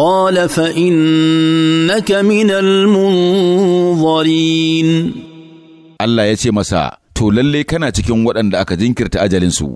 قال فإنك من المنظرين الله يتي masa, to lallai kana cikin waɗanda aka jinkirta ajalinsu